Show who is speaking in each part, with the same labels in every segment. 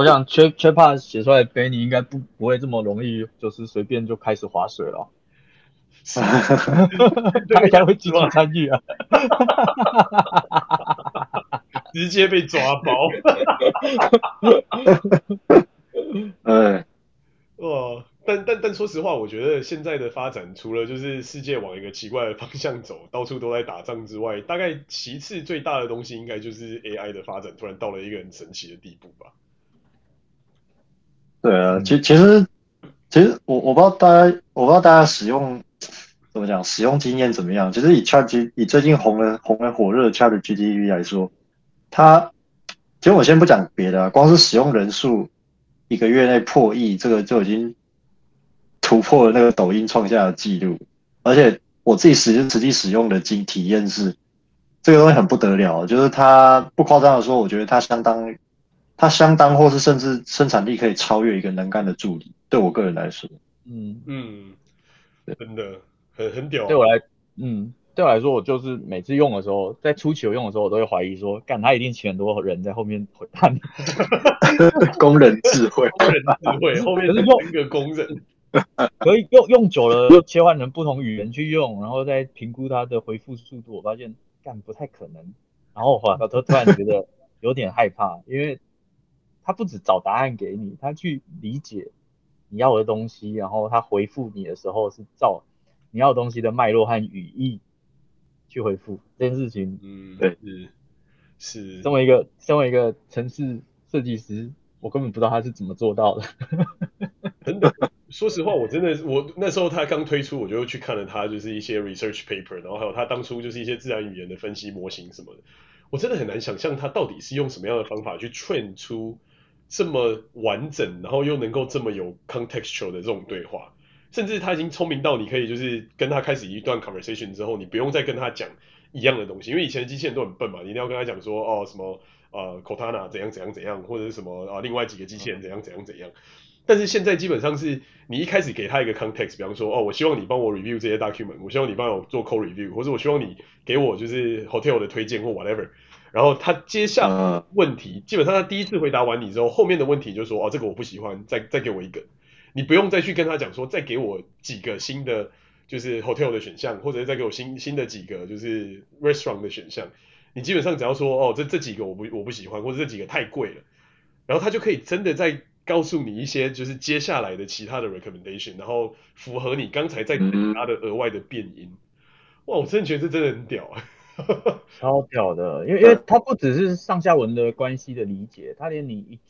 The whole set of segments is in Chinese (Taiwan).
Speaker 1: 我想缺，缺缺怕寫出來的，背你應該不不會這麼容易，就是隨便就開始划水了。是他應該會主動參與啊，
Speaker 2: 直接被抓包、 嗯。哎，哦，但但但說實話，我覺得現在的發展，除了就是世界往一個奇怪的方向走，到處都在打仗之外，大概其次最大的東西，應該就是 AI 的發展突然到了一個很神奇的地步吧。
Speaker 3: 對啊，其其實其實我我不知道大家我不知道大家使用怎麼講使用經驗怎麼樣。其實以 Chat 以最近紅人紅人火熱的 ChatGPT 來說，它其實我先不講別的、啊，光是使用人數一個月內破億，這個就已經突破了那個抖音創下的記錄。而且我自己實實際使用的經體驗是，這個東西很不得了，就是它不誇張的說，我覺得它相當它相當，或是甚至生產力可以超越一個能幹的助理。對我個人來說，嗯嗯，
Speaker 1: 真的很很屌啊。對我來，嗯，對我來說，我就是每次用的時候，在初期我用的時候，我都會懷疑說，幹他一定請很多人在後面 工人智慧， 工人智慧，後面是用一 個工人。可以用用久了，又切換成不同語言去用，然後再評估它的回復速度，我發現幹不太可能。然後哇，我突突然覺得有點害怕，因為。他不止找答案給你，他去理解你要的東西，然後他回復你的時候是照你要的東西的脈絡和語義去回復這件事情。嗯，對，是。身為一個身為一個程式設計師，我根本不知道他是怎麼做到的。
Speaker 2: 等等說實話，我真的我那時候他剛推出，我就去看了他就是一些 research paper，然後還有他當初就是一些自然語言的分析模型什麼的，我真的很難想象他到底是用什麼樣的方法去 train 出這麼完整，然後又能夠這麼有 contextual 的這種對話，甚至他已經聰明到你可以就是跟他開始一段 conversation 之後，你不用再跟他講一樣的東西，因為以前的機器人都很笨嘛，你一定要跟他講說哦什麼呃 Cortana 怎樣怎樣怎樣，或者是什麼啊、呃、另外幾個機器人怎樣怎樣怎樣，但是現在基本上是你一開始給他一個 context，比方說哦我希望你幫我 review 這些 document，我希望你幫我做 code review，或者我希望你給我就是 hotel 的推薦或 whatever。然後他接下來問題，基本上他第一次回答完你之後，後面的問題就說，哦，這個我不喜歡，再再給我一個。你不用再去跟他講說，再給我幾個新的就是 hotel 的選項，或者是再給我新新的幾個就是 restaurant 的選項。你基本上只要說，哦，這這幾個我不我不喜歡，或者這幾個太貴了。然後他就可以真的再告訴你一些就是接下來的其他的 recommendation，然後符合你剛才在給他的額外的變因。哇，我真的覺得這真的很屌。
Speaker 3: 超
Speaker 1: 屌的，因為因為他不只是上下文的關係的理解，他連你一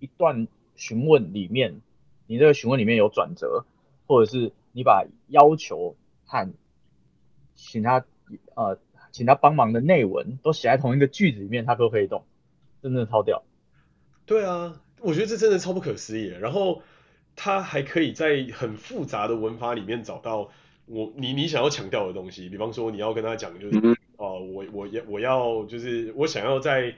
Speaker 1: 一段詢問裡面，你這個詢問裡面有轉折，或者是你把要求和請他呃請他幫忙的內文都寫在同一個句子裡面，他都可，可以懂，真的超屌。對啊，我覺
Speaker 2: 得這真的超不可思議。然後他還可以在很複雜的文法裡面找到我你你想要強調的東西，比方說你要跟他講就是。 哦、uh，我我要我要就是我想要在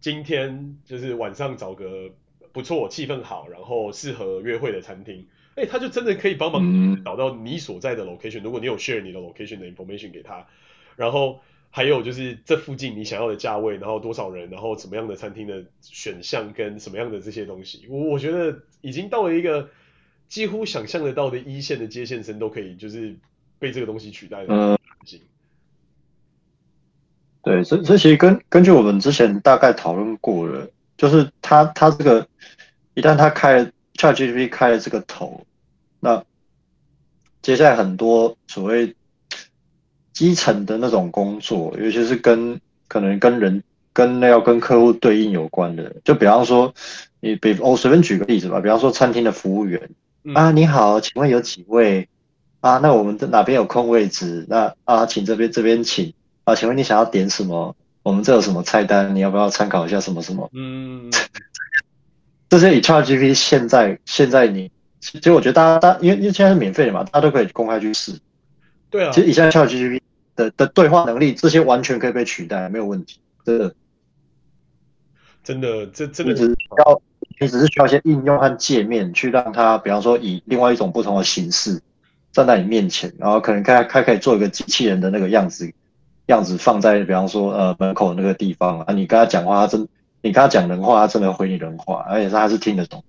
Speaker 2: 今天就是晚上找個不錯，氣氛好，然後適合約會的餐廳，哎，他就真的可以幫忙找到你所在的 location。如果你有 share 你的 location 的 information 給他，然後還有就是這附近你想要的價位，然後多少人，然後怎麼樣的餐廳的選項跟什麼樣的這些東西，我我覺得已經到了一個幾乎想象得到的一線的接線生都可以就是被這個東西取代的
Speaker 3: 場景。對，這這其實根根據我們之前大概討論過了，就是他他這個一旦他開了 ChatGPT 開了這個頭，那接下來很多所謂基層的那種工作，尤其是跟可能跟人跟那要跟客戶對應有關的，就比方說你比我、哦、隨便舉個例子吧，比方說餐廳的服務員、嗯、啊，你好，請問有幾位啊？那我們的哪邊有空位置？那啊，請這邊這邊請。啊，請問你想要點什麼？我們這有什麼菜單？你要不要參考一下什麼什麼？嗯，這些以 ChatGPT 現在現在你其實我覺得大家大，因為因為現在是免費的嘛，大家都可以公開去試。對啊，其
Speaker 2: 實以下
Speaker 3: ChatGPT 的的對話能力，這些完全可以被取代，沒有問題。真的，真的，這這個只是要你只是需要一些應用和界面去讓它，比方說以另外一種不同的形式站在你面前，然後可能開開可以做一個機器人的那個樣子。樣子放在比方說呃門口的那個地方啊，你跟他講話，他真你跟他講人話，他真的回你人話，而且他是聽得懂，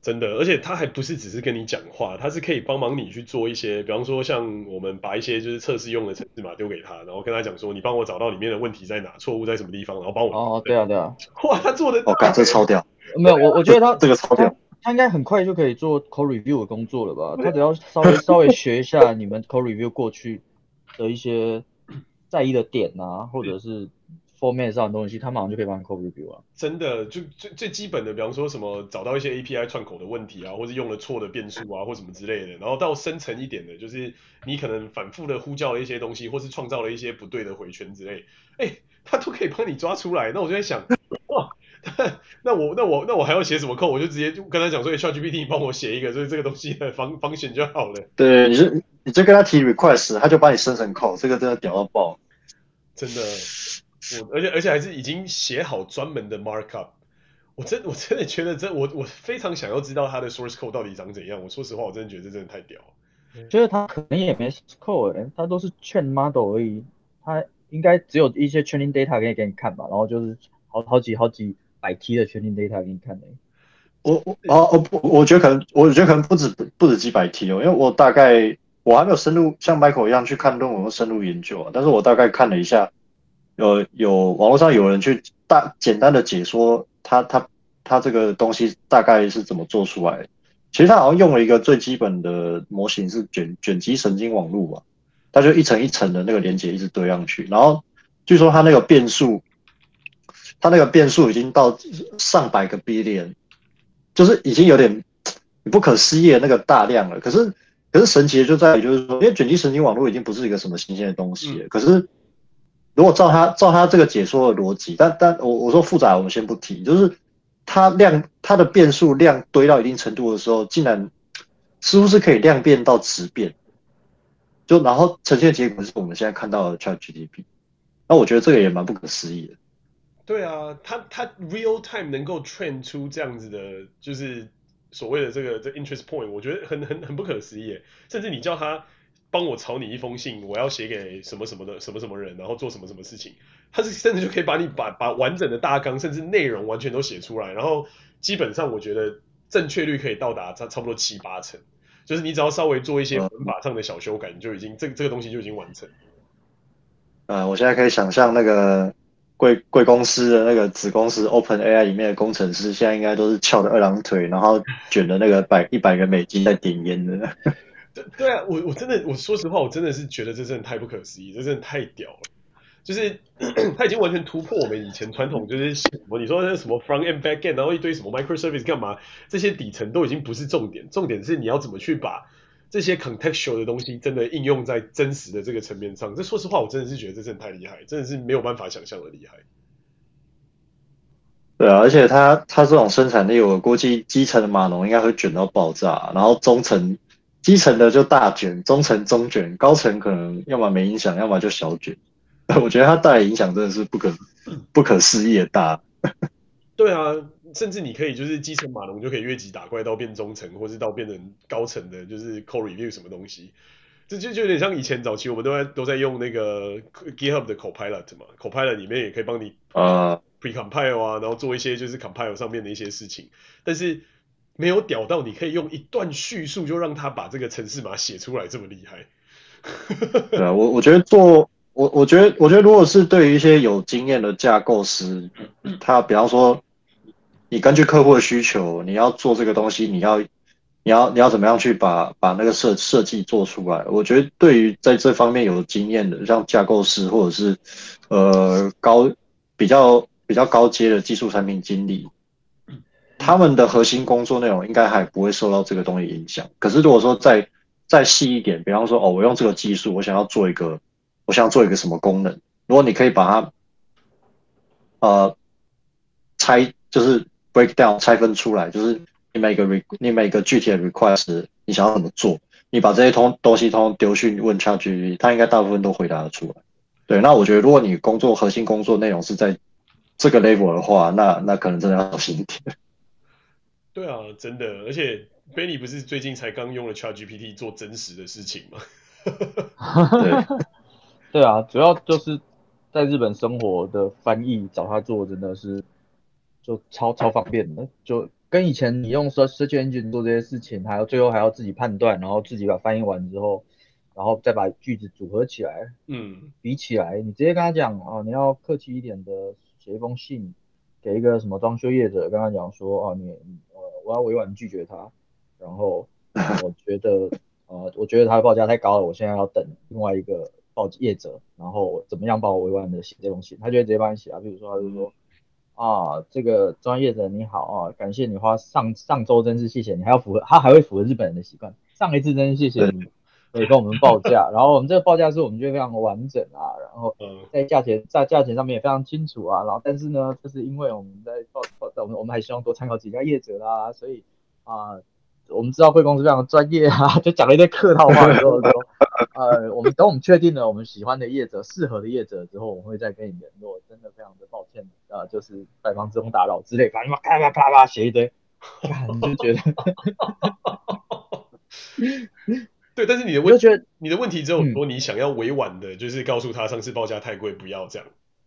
Speaker 2: 真的，而且他還不是只是跟你講話，他是可以幫忙你去做一些，比方說像我們把一些就是測試用的程式碼丟給他，然後跟他講說你幫我找到裡面的問題在哪，錯誤在什麼地方，然後幫我哦、oh, oh, 對啊對啊、oh, 哇、oh, 他
Speaker 3: 做的哦、oh,，靠、oh, 這超屌，
Speaker 1: 沒有我我覺得他這個超屌， 他應該很快就可以做 code review 的工作了吧？ 他只要稍微稍微學一下你們 code review 過去。的一些在意的點啊，或者是 format 上的東西，嗯、他馬上就可以幫你 code review 了。
Speaker 2: 真的，就最最基本的，比方說什麼找到一些 API 串口的問題啊，或者用了錯的變數啊，或什麼之類的。然後到深層一點的，就是你可能反覆的呼叫了一些東西，或是創造了一些不對的回圈之類，哎、欸，它都可以幫你抓出來。那我就在想，哇，那我那我那我還要寫什麼扣？我就直接就跟他講說，ChatGPT 幫我寫一個，所以這個東西的方方險就好了。
Speaker 3: 對，你是你就跟他提 request，他就把你生成扣。這個真的屌到爆，真
Speaker 2: 的，我而且而且還是已經寫好專門的 markup，我真我真的覺得這我我非常想要知道他的 source code 到底長怎樣。我說實話，我真的覺得這真的太屌了、
Speaker 1: 嗯。就是他可能也沒 code，人、欸、他都是 train model 而已，他應該只有一些 training data 可以給你看吧，然後就是好好幾好幾百 T 的 training data 給你看的、欸。我我
Speaker 3: 哦我不我覺得可能我覺得可能不止不止幾百 T 哦、喔，因為我大概。我還沒有深入像 Michael 一樣去看論文和深入研究啊，但是我大概看了一下，呃，有網絡上有人去大簡單的解說他他他這個東西大概是怎麼做出來的。其實他好像用了一個最基本的模型是卷卷積神經網絡嘛，他就一層一層的那個連接一直堆上去，然後據說他那個變數，他那個變數已經到上百個 billion 就是已經有點不可思議的那個大量了，可是。可是神奇的就在於，就是說，因為卷積神經網絡已經不是一個什麼新鮮的東西了。嗯、可是，如果照他照他這個解說的邏輯，但但我我說複雜，我們先不提，就是它量它的變數量堆到一定程度的時候，竟然是不是可以量變到質變，就然後呈現的結果是我們現在看到的 ChatGPT。那我覺得這個也蠻不可思議的。
Speaker 2: 對啊，他他 real time 能夠 train 出這樣子的，就是。所謂的這個這個、interest point，我覺得很很很不可思議。甚至你叫他幫我草擬一封信，我要寫給什麼什麼的什麼什麼人，然後做什麼什麼事情，他是甚至就可以把你把把完整的大綱，甚至內容完全都寫出來。然後基本上我覺得正確率可以到達差差不多七八成，就是你只要稍微做一些文法上的小修改，你、嗯、就已經這個、這個東西就已經完成。
Speaker 3: 呃、嗯，我現在可以想象那個。貴貴公司的那個子公司 OpenAI 裡面的工程師，現在應該都是翹着二郎腿，然後卷着那個百一百元美金在點煙的
Speaker 2: 對。對啊，我我真的，我說實話，我真的是覺得這真的太不可思議，這真的太屌了。就是 它已經完全突破我們以前傳統，就是什麼 你說那什麼 Front and Back End，然後一堆什麼 Microservice 幹嘛，這些底層都已經不是重點，重點是你要怎麼去把。這些 contextual 的東西真的應用在真實的這個層面上，這說實話，我真的是覺得這真的太厲害，真的是沒有辦法想象的厲害。
Speaker 3: 對啊，而且它它這種生產力，我估計基層的碼農應該會卷到爆炸，然後中層基層的就大卷，中層中卷，高層可能要麼沒影響，要麼就小卷。我覺得它帶來影響真的是不可不可思議的大。
Speaker 2: 對啊。甚至你可以就是基層碼農，就可以越級打怪，到變中層，或是到變成高層的，就是 Code Review 什麼東西，這就就有點像以前早期我們都在都在用那個 GitHub 的 Copilot 嘛，Copilot 裡面也可以幫你啊 Pre Compile 啊，uh, 然後做一些就是 Compile 上面的一些事情，但是沒有屌到你可以用一段敘述就讓他把這個程式碼寫出來這麼厲害。
Speaker 3: 對啊，我我覺得做我我覺得我覺得如果是對於一些有經驗的架構師，他比方說。你根據客戶的需求，你要做這個東西，你要，你要，你要怎麼樣去把把那個設設計做出來？我覺得對於在這方面有經驗的，像架構師或者是，呃，高比較比較高階的技術產品經理，他們的核心工作內容應該還不會受到這個東西影響。可是如果說再再細一點，比方說，哦，我用這個技術，我想要做一個，我想做一個什麼功能？如果你可以把它，呃，拆，就是。break down 拆分出來，就是你每一個 re, 你每一個具體的 request，你想要怎麼做？你把這些通東西通丟去問 ChatGPT，他應該大部分都回答得出來。對，那我覺得如果你工作核心工作內容是在這個 level 的話，那那可能真的要小心一點。
Speaker 2: 對啊，真的，而且 Benny 不是最近才剛用了 ChatGPT 做真實
Speaker 1: 的事情嗎？ 對， 對啊，主要就是在日本生活的翻譯找他做，真的是。就超超方便的，就跟以前你用 search search engine 做這些事情，還要最後還要自己判斷，然後自己把翻譯完之後，然後再把句子組合起來。嗯，比起來，你直接跟他講啊，你要客氣一點的，寫一封信給一個什麼裝修業者，跟他講說啊，你，你我我要委婉拒絕他，然後我覺得 呃，我覺得他的報價太高了，我現在要等另外一個報業者，然後怎麼樣幫我委婉的寫這封信，他就會直接幫你寫啊，比如說他就說。嗯啊，這個專業的你好啊，感謝你花上上周，真是謝謝你，還要符合他還會符合日本人的習慣。上一次真是謝謝你，對，可以跟我們報價。 然後我們這個報價是我們就非常完整啊，然後在價錢在價錢上面也非常清楚啊。然後但是呢，就是因為我們在報報，我們我們還希望多參考幾家業者啦、啊，所以啊。我們知道貴公司非常專業啊，就講了一堆客套話之後說，呃，我們等我們確定了我們喜歡的業者、適合的業者之後，我們會再跟你聯絡。真的非常的抱歉，呃，就是百忙之中打擾之類，反正啪啪啪啪寫一堆， 你就覺得 對，
Speaker 2: 但是你的問我就覺得，你的題只有，很多，你想要委婉的，就是告訴他上次報價太貴，不要這樣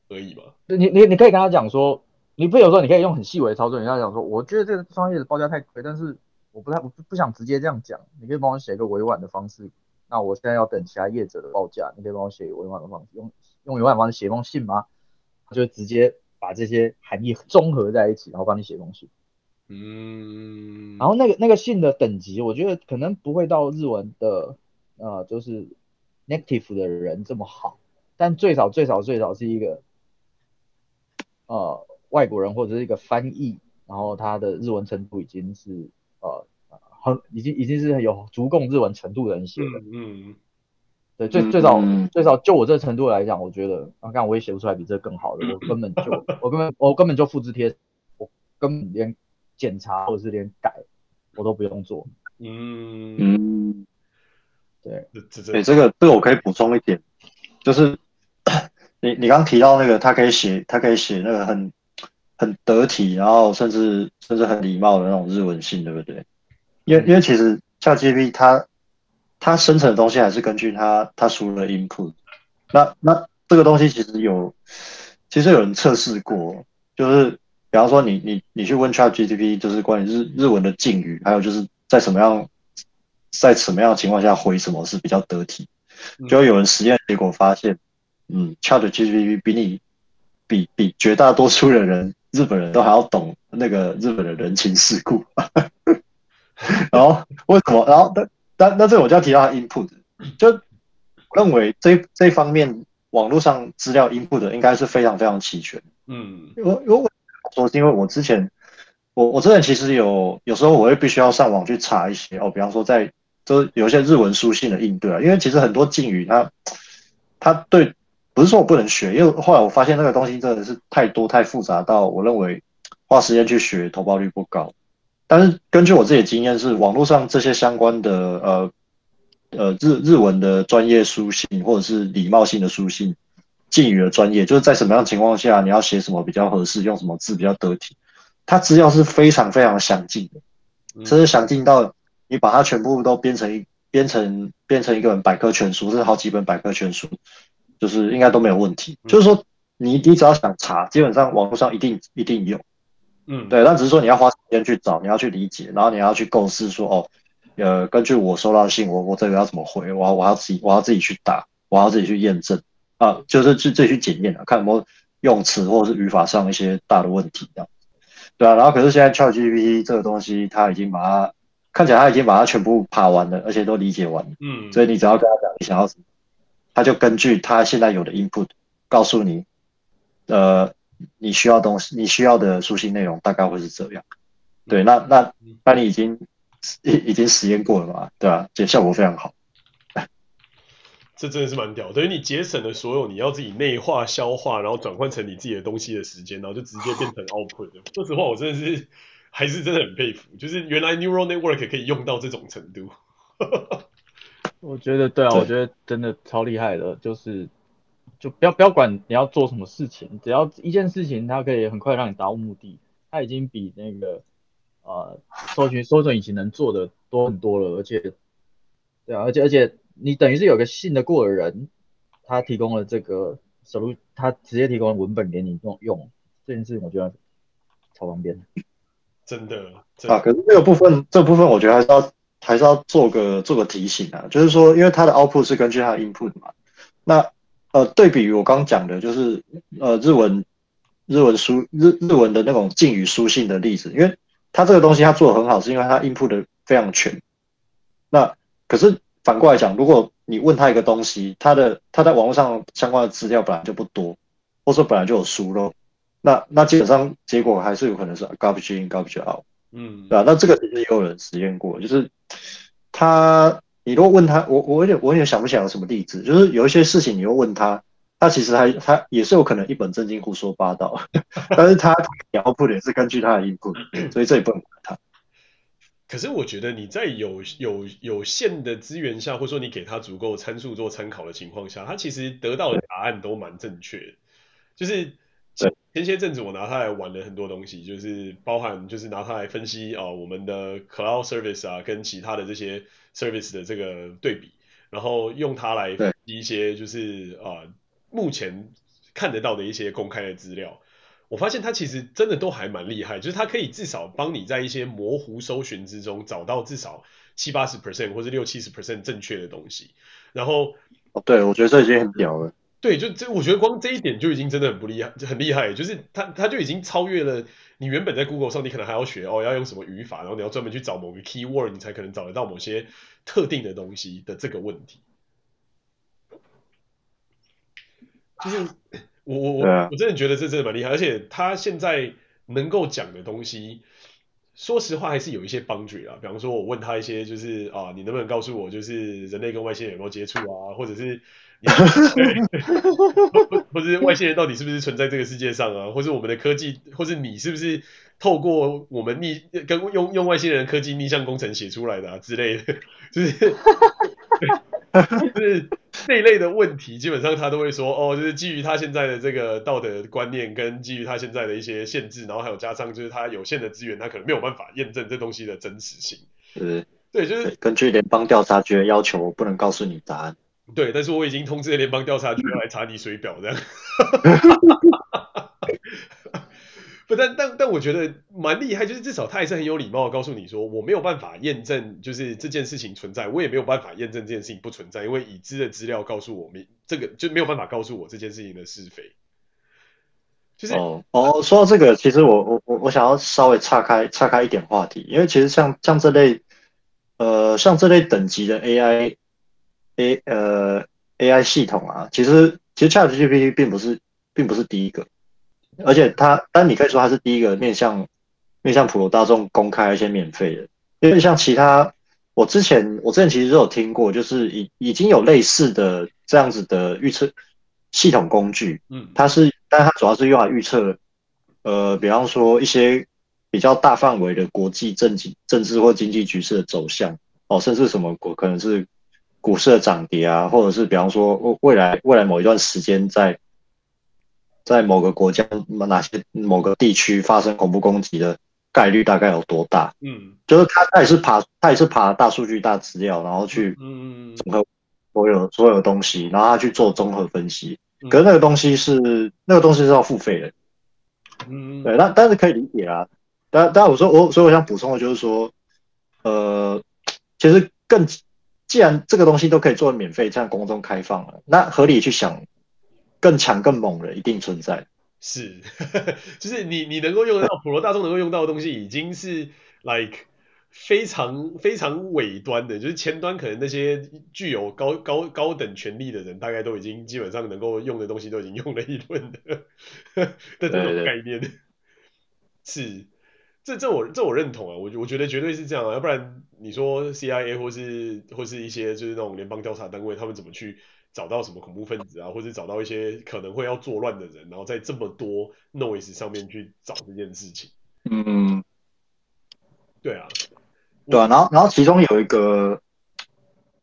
Speaker 1: 而已嘛。你你你可以跟他講說，你不有時候你可以用很細微的操作，你跟他講說，我覺得這個商業的報價太貴，但是。我不太我不不想直接這樣講，你可以幫我寫一個委婉的方式。那我現在要等其他業者的報價，你可以幫我寫一個委婉的方式，用用委婉的方式寫封信嗎？他就直接把這些含義綜合在一起，然後幫你寫東西。嗯。然後那個那個信的等級，我覺得可能不會到日文的呃，就是 native 的人這麼好，但最少最少最少是一個呃外國人或者是一個翻譯，然後他的日文程度已經是呃。很已經已經是有足夠日文程度的人寫的，嗯，嗯，對，最最少、嗯、最少就我這個程度來講，我覺得，啊，但我也寫不出來比這個更好的，我根本就、嗯、我根本， 我，根本我根本就複製貼，我根本連檢查或者是連改我都不用做，嗯嗯，對，
Speaker 3: 這、欸、這，這個這個我可以補充一點，就是 你你剛提到那個，他可以寫他可以寫那個很很得體，然後甚至甚至很禮貌的那種日文信，對不對？因因為其實 ChatGPT 它它生成的東西還是根據它它輸入的 input，那那這個東西其實有，其實有人測試過，就是比方說你你你去問 ChatGPT，就是關於日日文的敬語，還有就是在什麼樣在什麼樣的情況下回什麼是比較得體，就有人實驗結果發現，嗯，ChatGPT 比你比比絕大多數的人，日本人都還要懂那個日本的人情世故。 然後為什麼？然後但但那，那，那，那這我就要提到 input，就認為這這方面網絡上資料 input 應該是非常非常齊全。嗯，我說的說是因為我之前我我之前其實有有時候我會必須要上網去查一些哦，比方說在就是有一些日文書信的應對啊，因為其實很多敬語它它對，它對不是說我不能學，因為後來我發現那個東西真的是太多太複雜到我認為花時間去學投報率不高。但是根據我自己的經驗，是網絡上這些相關的呃呃日日文的專業書信或者是禮貌性的書信，敬語的專業，就是在什麼樣的情況下你要寫什麼比較合適，用什麼字比較得體，它資料是非常非常詳盡的，甚至詳盡到你把它全部都編成編成編成一個本百科全書，是好幾本百科全書，就是應該都沒有問題。嗯、就是說你你只要想查，基本上網絡上一定一定有。嗯，對，但只是說你要花時間去找，你要去理解，然後你要去構思說，哦，呃，根據我收到的信，我我這個要怎麼回？我我要自己我要自己去打，我要自己去驗證啊，就是自自己去檢驗啊，看有沒有用詞或者是語法上一些大的問題這樣，對啊。然後可是現在 ChatGPT 這個東西，它已經把它，看起來它已經把它全部爬完了，而且都理解完了。嗯，所以你只要跟他講你想要什麼，他就根據他現在有的 input 告訴你，呃。你需要東西，你需要的書信內容大概會是這樣，對，那那那你已經已已經實驗過了嘛，對啊。這效果非常好，
Speaker 2: 這真的是蠻屌，等於你節省了所有你要自己內化、消化，然後轉換成你自己的東西的時間，然後就直接變成 output。 說實話，我真的是還是真的很佩服，就是原來 neural network 也可以用到這種程度。
Speaker 1: 我覺得對啊對，我覺得真的超厲害的，就是。就不要不要管你要做什麼事情，只要一件事情，它可以很快讓你達到目的，它已經比那個呃，搜尋搜索引擎已經能做的多很多了，而且，對啊，而且而且你等於是有個信得過的人，他提供了這個輸入，他直接提供了文本給你用用，這件事情我覺得超方便的，真的，
Speaker 3: 真的啊。可是這個部分，這個，部分我覺得還是要還是要做個做個提醒啊，就是說，因為它的 output 是根據它的 input 的嘛，那。呃，對比我剛剛講的，就是呃日文，日文書日日文的那種敬語書信的例子，因為它這個東西它做得很好，是因為它 input 得非常全。那可是反過來講，如果你問他一個東西，他的他在網絡上相關的資料本來就不多，或者本來就有疏漏，那那基本上結果還是有可能是 garbage in, garbage out。嗯，對、啊、吧？那這個其實也有人實驗過，就是他。你如果問他，我我也我也想不起來有什麼例子，就是有一些事情你又問他，他其實他他也是有可能一本正經胡說八道， 但是他的 output 也是根據他的 input，所以這也不能怪他。
Speaker 2: 可是我覺得你在有有有限的資源下，或者說你給他足夠參數做參考的情況下，他其實得到的答案都蠻正確。就是前，前些陣子我拿他來玩了很多東西，就是包含就是拿他來分析啊，呃，我們的 cloud service 啊跟其他的這些。service 的這個對比，然後用它來分析一些就是呃目前看得到的一些公開的資料，我發現它其實真的都還蠻厲害，就是它可以至少幫你在一些模糊搜尋之中找到至少七八十 percent 或者六七十 percent 正確的東西。然後，
Speaker 3: 哦，對，我覺得這已經很屌了。
Speaker 2: 對，就這，我覺得光這一點就已經真的很不厲害，很厲害，就是他，他就已經超越了你原本在 Google 上，你可能還要學哦，要用什麼語法，然後你要專門去找某個 keyword，你才可能找得到某些特定的東西的這個問題。就是我我我真的覺得這真的蠻厲害，而且他現在能夠講的東西，說實話還是有一些 boundary 啦。比方說我問他一些，就是啊，你能不能告訴我，就是人類跟外星人有沒有接觸啊，或者是？ 對，不是外星人到底是不是存在這個世界上啊？或是我們的科技，或是你是不是透過我們逆跟用用外星人的科技逆向工程寫出來的啊之類的？就是就是這一類的問題，基本上他都會說哦，就是基於他現在的這個道德觀念，跟基於他現在的一些限制，然後還有加上就是他有限的資源，他可能沒有辦法驗證這東西的真實性，是
Speaker 3: 對，就是對，根據聯邦調查局的要求，我不能告訴你答案。
Speaker 2: 對，但是我已經通知了聯邦調查局要來查你水表的。 不，但但但我覺得蠻厲害，就是至少他還是很有禮貌告訴你說，我沒有辦法驗證，就是這件事情存在，我也沒有辦法驗證這件事情不存在，因為已知的資料告訴我們，這個就沒有辦法告訴我這件事情的是非。就
Speaker 3: 是哦哦，說到這個，其實我我我我想要稍微岔開岔開一點話題，因為其實像像這類呃像這類等級的 AI。A 呃，AI 系統啊，其實其實 ChatGPT 並不是並不是第一個，而且它，但你可以說它是第一個面向面向普羅大眾公開而且免費的。因為像其他，我之前我之前其實都有聽過，就是已已經有類似的這樣子的預測系統工具，嗯，它是，但它主要是用來預測，呃，比方說一些比較大範圍的國際政經政治或經濟局勢的走向，哦，甚至什麼國可能是。股市的漲跌啊，或者是比方說未來未來某一段時間，在在某個國家、哪些某個地區發生恐怖攻擊的概率，大概有多大？嗯，就是他他也是爬他也是爬大數據、大資料，然後去嗯整合所有、嗯、所有東西，然後他去做綜合分析、嗯。可是那個東西是那個東西是要付費的。嗯，對，那但，但是可以理解啊。但但我說我所以我想補充的就是說，呃，其實更。既然這個東西都可以做免費，向公眾開放了，那合理去想，更強更猛的一定存在。
Speaker 2: 是，就是你你能夠用得到普羅大眾能夠用到的東西，已經是 like 非常非常尾端的，就是前端可能那些具有高高高等權力的人，大概都已經基本上能夠用的東西都已經用了一輪的的這種概念。對對對是。這這我這我認同啊，我我覺得絕對是這樣啊，要不然你說 CIA 或是或是一些就是那種聯邦調查單位，他們怎麼去找到什麼恐怖分子啊，或者找到一些可能會要作亂的人，然後在這麼多 noise 上面去找這件事情？嗯，對啊，
Speaker 3: 對啊，然後然後其中有一個，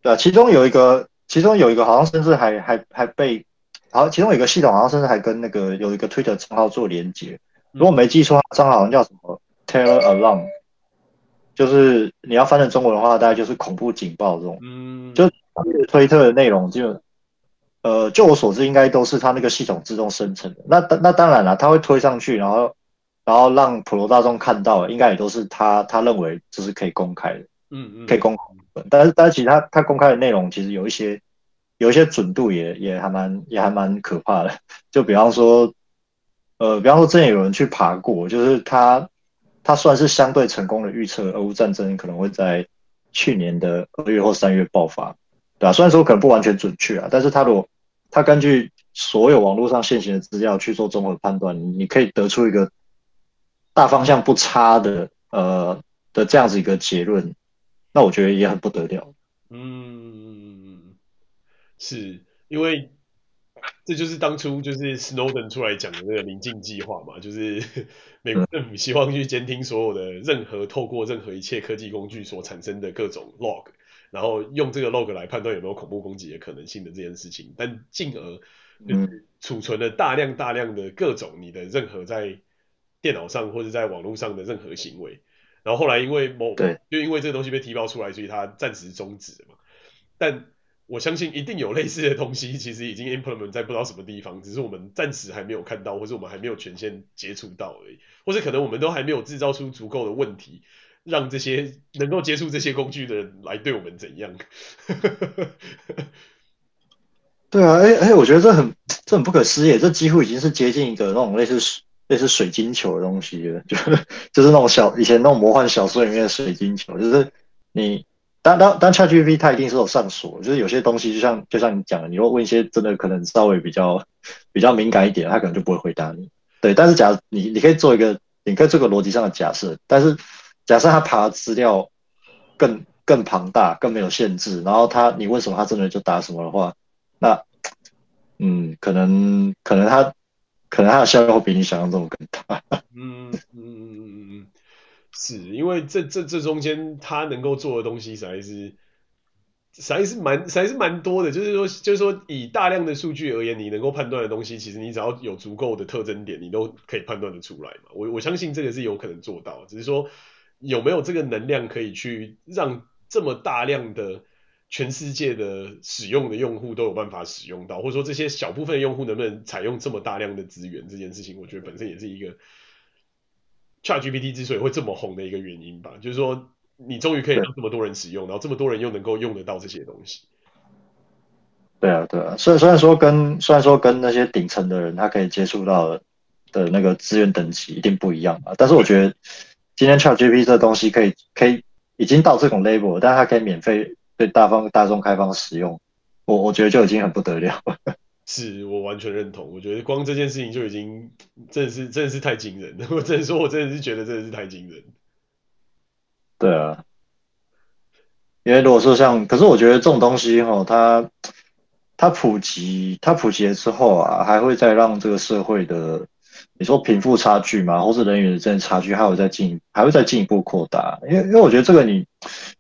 Speaker 3: 對啊，其中有一個，其中有一個好像甚至還還還被，好像其中有一個系統好像甚至還跟那個有一個 Twitter 賬號做連接，如果沒記錯，賬號好像叫什麼？嗯 Tell along，就是你要翻成中文的話，大概就是恐怖警報這種。嗯，就推特的內容就，就呃，就我所知，應該都是他那個系統自動生成的。那那當然了、啊，他會推上去，然後然後讓普羅大眾看到，應該也都是他他認為就是可以公開的。嗯，嗯可以公開。但是，但是其實他他公開的內容，其實有一些有一些準度也也還蠻也還蠻可怕的。就比方說，呃，比方說，之前有人去爬過，就是他。他算是相對成功的預測，俄烏戰爭可能會在去年的二月或三月爆發，對吧，啊？雖然說可能不完全準確啊，但是他如果他根據所有網絡上現行的資料去做綜合判斷，你可以得出一個大方向不差的呃的這樣子一個結論，那我覺得也很不得了。嗯，
Speaker 2: 是，因為。這就是當初就是 Snowden 出來講的那個“稜鏡計劃”嘛，就是美國政府希望去監聽所有的任何透過任何一切科技工具所產生的各種 log，然後用這個 log 來判斷有沒有恐怖攻擊的可能性的這件事情，但進而就是儲存了大量大量的各種你的任何在電腦上或者在網絡上的任何行為，然後後來因為某，對，就因為這個東西被提報出來，所以他暫時終止了嘛，但。我相信一定有類似的東西，其實已經 implement 在不知道什麼地方，只是我們暫時還沒有看到，或是我們還沒有權限接觸到而已，或者可能我們都還沒有制造出足夠的問題，讓這些能夠接觸這些工具的人來對我們怎樣？
Speaker 3: 對啊，哎、欸、哎、欸，我覺得這很這很不可思議，這幾乎已經是接近一個那種類似類似水晶球的東西了，就是就是那種小以前那種魔幻小說裡面的水晶球，就是你。但但但 ChatGPT 它一定是有上鎖，就是有些東西就像就像你講的，你如果問一些真的可能稍微比較比較敏感一點，它可能就不會回答你。對，但是假如你你可以做一個，你可以做個邏輯上的假設，但是假設它爬的資料更更龐大、更沒有限制，然後它你問什麼它真的就答什麼的話，那嗯，可能可能它可能它的效率會比你想象中更大。嗯嗯嗯嗯。是因為
Speaker 2: 這這這中間，它能夠做的東西，實在是，實在是蠻，實在是蠻多的。就是說，就是說，以大量的數據而言，你能夠判斷的東西，其實你只要有足夠的特徵點，你都可以判斷得出來嘛。我我相信這個是有可能做到，只是說有沒有這個能量可以去讓這麼大量的全世界的使用的用戶都有辦法使用到，或者說這些小部分的用戶能不能採用這麼大量的資源，這件事情，我覺得本身也是一個。ChatGPT 之所以會這麼紅的一個原因吧，就是說你終於可以讓這麼多人使用，然後這麼多人又能夠用得到這些東西。
Speaker 3: 對啊，對啊，所以雖然說跟雖然說跟那些頂層的人，他可以接觸到的,的那個資源等級一定不一樣吧。但是我覺得今天 ChatGPT 這東西可以可以已經到這種 level，但是它可以免費對大方大眾開放使用，我我覺得就已經很不得了,了。
Speaker 2: 是我完全認同，我覺得光這件事情就已經真的是真的是太驚人了。我真的說我真的是覺得真的是太驚人。
Speaker 3: 對啊，因為如果說像，可是我覺得這種東西哈、哦，它它普及，它普及了之後啊，還會再讓這個社會的，你說貧富差距嘛，或者人與人之間差距還有再進，還會再進，還會再進一步擴大。因為因為我覺得這個你，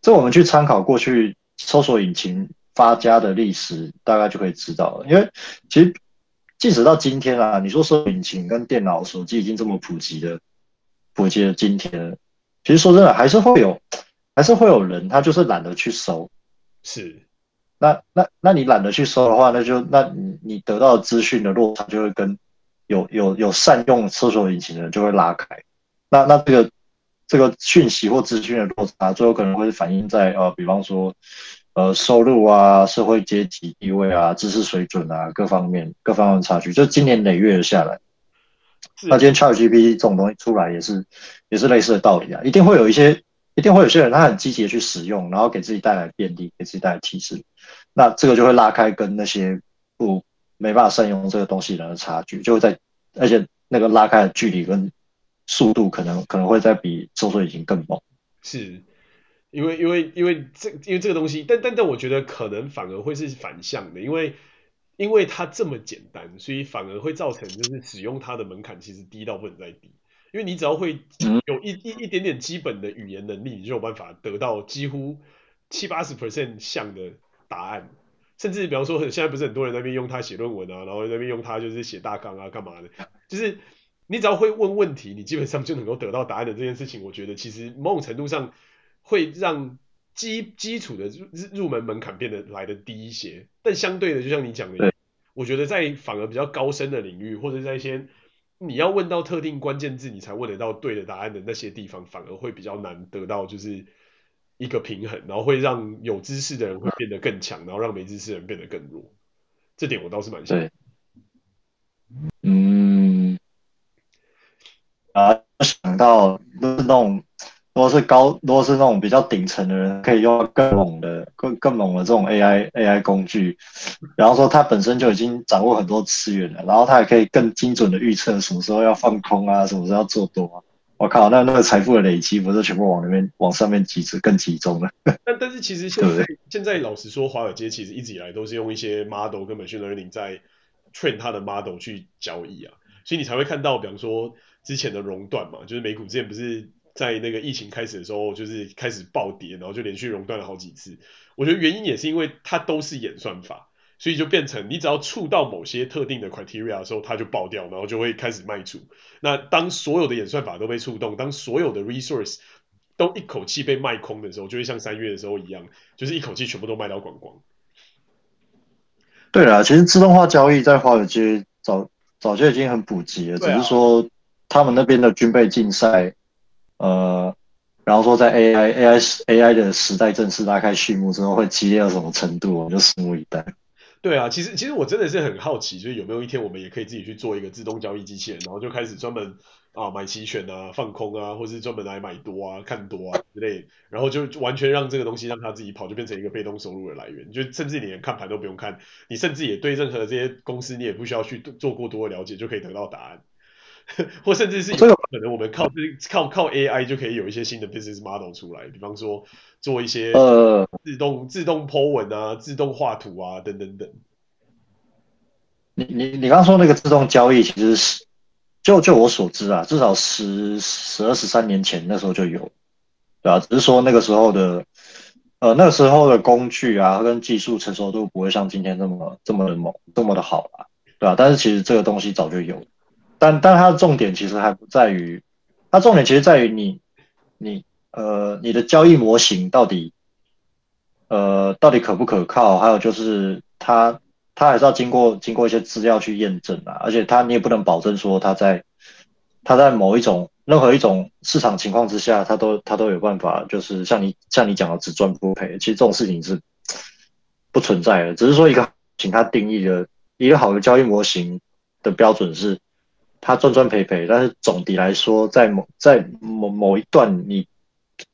Speaker 3: 這我們去參考過去搜索引擎。發家的歷史大概就可以知道了，因為其實即使到今天啊，你說搜索引擎跟電腦、手機已經這麼普及的，普及了今天了，其實說真的，還是會有，還是會有人他就是懶得去搜。是，那那那你懶得去搜的話，那就那你得到資訊的落差就會跟有有有善用搜索引擎的人就會拉開。那那這個這個訊息或資訊的落差，最後可能會反映在呃、嗯啊，比方說。呃，收入啊，社會階級地位啊，知識水準啊，各方面、各方面的差距，就經年累月下來。那今天 ChatGPT 這種東西出來，也是也是類似的道理啊，一定會有一些，一定會有些人他很積極的去使用，然後給自己帶來便利，給自己帶來提示。那這個就會拉開跟那些不沒辦法善用這個東西的人的差距，就會在，而且那個拉開的距離跟速度可，可能可能會再比搜索引擎更猛。是。
Speaker 2: 因為因為因為這因為這個東西，但但但我覺得可能反而會是反向的，因為因為它這麼簡單，所以反而會造成就是使用它的門檻其實低到不能再低。因為你只要會有一一一一點點基本的語言能力，你就有辦法得到幾乎七八十 percent 像的答案。甚至比方說，現在不是很多人在那邊用它寫論文啊，然後在那邊用它就是寫大綱啊，幹嘛的？就是你只要會問問題，你基本上就能夠得到答案的這件事情，我覺得其實某種程度上。會讓基基礎的入門門檻變得來的低一些，但相對的，就像你講的，我覺得在反而比較高深的領域，或者在一些你要問到特定關鍵字，你才問得到對的答案的那些地方，反而會比較難得到，就是一個平衡，然後會讓有知識的人會變得更強，嗯、然後讓沒知識的人變得更弱。這點我倒是蠻想。
Speaker 3: 嗯，啊，想到、就是、那種。如果是高，如果是那種比較頂層的人，可以用更猛的、更更猛的這種 AI AI 工具，然後說他本身就已經掌握很多資源了，然後他也可以更精準的預測什麼時候要放空啊，什麼時候要做多啊。我靠，那那個財富的累積不是全部往那邊往上面集，資更集中了。
Speaker 2: 但但是其實現在現在老實說，華爾街其實一直以來都是用一些 model 跟 machine learning 在 train 他的 model 去交易啊，所以你才會看到，比方說之前的熔斷嘛，就是美股之前不是。在那個疫情開始的時候，就是開始暴跌，然後就連續熔斷了好幾次。我覺得原因也是因為它都是演算法，所以就變成你只要觸到某些特定的 criteria 的時候，它就爆掉，然後就會開始賣出。那當所有的演算法都被觸動，當所有的 resource 都一口氣被賣空的時候，就會像三月的時候一樣，就是一口氣全部都賣到光光。
Speaker 3: 對啊，其實自動化交易在華爾街早早就已經很普及了，啊，只是說他們那邊的軍備競賽。呃，然後說，在 AI AI AI 的時代正式拉開序幕之後，會激烈到什麼程度啊，我們就拭目以待。
Speaker 2: 對啊，其實其實我真的是很好奇，就是有沒有一天我們也可以自己去做一個自動交易機器人，然後就開始專門啊買期權啊、放空啊，或是專門來買多啊、看多啊之類的，然後就完全讓這個東西讓它自己跑，就變成一個被動收入的來源。就甚至你連看盤都不用看，你甚至也對任何的這些公司你也不需要去做過多的了解，就可以得到答案。 或甚至是有可能，我們靠自靠靠 AI 就可以有一些新的 business model 出來，比方說做一些呃自動呃自動 po 文啊、自動畫圖啊
Speaker 3: 等等等。你你你剛說那個自動交易，其實是就就我所知啊，至少十十二十三年前那時候就有，對啊，只是說那個時候的呃那個時候的工具啊跟技術成熟度不會像今天這麼這麼猛這麼的好了啊，對啊，但是其實這個東西早就有。但但它的重點其實還不在於，它重點其實在於你你呃你的交易模型到底，呃到底可不可靠，還有就是它它還是要經過經過一些資料去驗證啊，而且它你也不能保證說它在它在某一種任何一種市場情況之下，它都它都有辦法，就是像你像你講的只賺不賠，其實這種事情是不存在的，只是說一個請他定義的一個好的交易模型的標準是。它賺賺賠賠，但是總體來說，在某在某某一段你，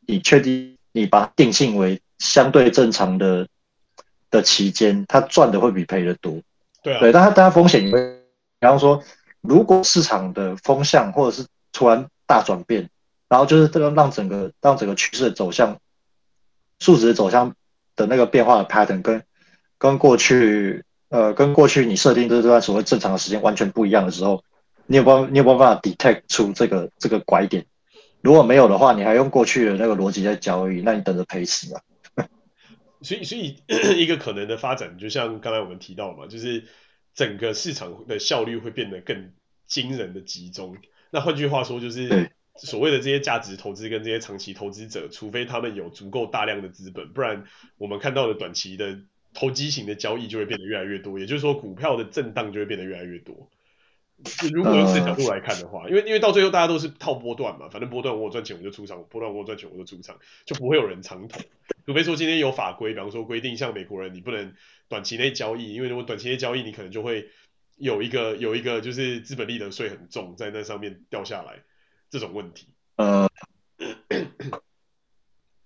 Speaker 3: 你你確定你把它定性為相對正常的的期間，它賺的會比賠的多。對啊，對，但它但它風險也會，比方說，如果市場的風向或者是突然大轉變，然後就是這個讓整個讓整個趨勢的走向，數值的走向的那個變化的 pattern 跟跟過去呃跟過去你設定的這段所謂正常的時間完全不一樣的時候。你有辦法，你有沒辦法 detect 出這個這個拐點？如果沒有的話，你還用過去的那個邏輯在交易，那你等着賠死啊！
Speaker 2: 所以，所以一個可能的發展，就像剛才我們提到嘛，就是整個市場的效率會變得更驚人的集中。那換句話說，就是所謂的這些價值投資跟這些長期投資者，除非他們有足夠大量的資本，不然我們看到的短期的投機型的交易就會變得越來越多。也就是說，股票的震盪就會變得越來越多。如果用這角度來看的話，呃、因為因為到最後大家都是套波段嘛，反正波段我賺錢我就出場，波段我賺錢我就出場，就不會有人長投，除非說今天有法規，比方說規定像美國人你不能短期內交易，因為如果短期內交易，你可能就會有一個有一個就是資本利得稅很重在那上面掉下來這種問題。呃，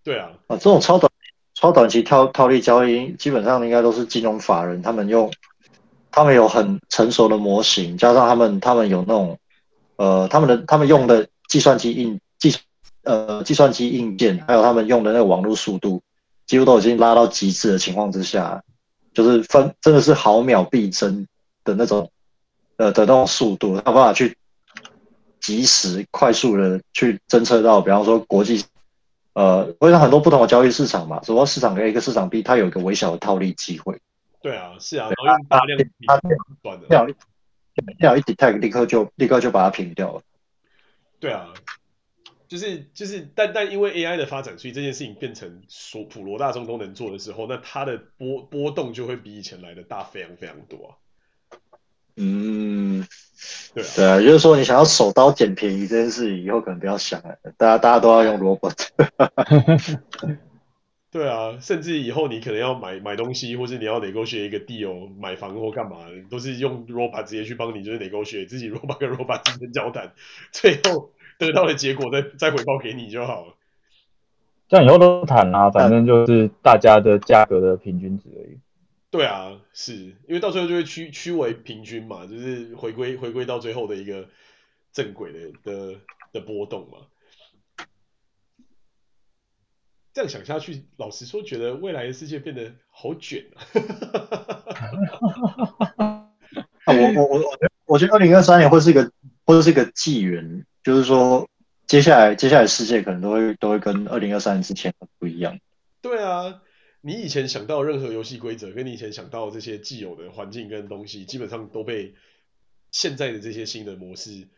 Speaker 2: 對啊，
Speaker 3: 啊這種超短超短期套套利交易，基本上應該都是金融法人他們用。他們有很成熟的模型，加上他們他們有那種，呃，他們的他們用的計算機硬計，呃，計算機硬件，還有他們用的那個網絡速度，幾乎都已經拉到極致的情況之下，就是分真的是毫秒必爭的那種，呃的那種速度，他有辦法去及時快速的去偵測到，比方說國際，呃，國際很多不同的交易市場嘛，比如說市場 A 跟市場 B，它有一個微小的套利機會。
Speaker 2: 對啊，是啊，然後
Speaker 3: 用大量它它它短的，一秒一秒一 detect，立刻就立刻就把它平掉了。
Speaker 2: 對啊，就是就是，但但因為 AI 的發展，所以這件事情變成所普羅大眾都能做的時候，那它的波波動就會比以前來的大非常非常多，啊
Speaker 3: 啊。嗯，對啊，就是說你想要手刀撿便宜這件事情，以後可能不要想了，大家大家都要用 robot
Speaker 2: 對啊，甚至以後你可能要買買東西，或是你要 negotiate 一個 deal 買房或幹嘛，都是用 robot 直接去幫你，就是 negotiate 自己 robot 跟 robot 之間交談，最後得到的結果再再回報給你就好了。
Speaker 1: 這樣以後都不談啊，反正就是大家的價格的平均值而已。
Speaker 2: 對啊，是，因為到最後就會趨趨為平均嘛，就是回歸回歸到最後的一個正軌的的的波動嘛。這樣想下去，老實說，覺得未來的世界變得好卷，啊 啊、
Speaker 3: 我我我我，我覺得二零二三年會是一個，或者是一個紀元，就是說，接下來接下來世界可能都會都會跟二零二三年之前很不一樣。
Speaker 2: 對啊，你以前想到任何遊戲規則，跟你以前想到的這些既有的環境跟東西，基本上都被現在的這些新的模式，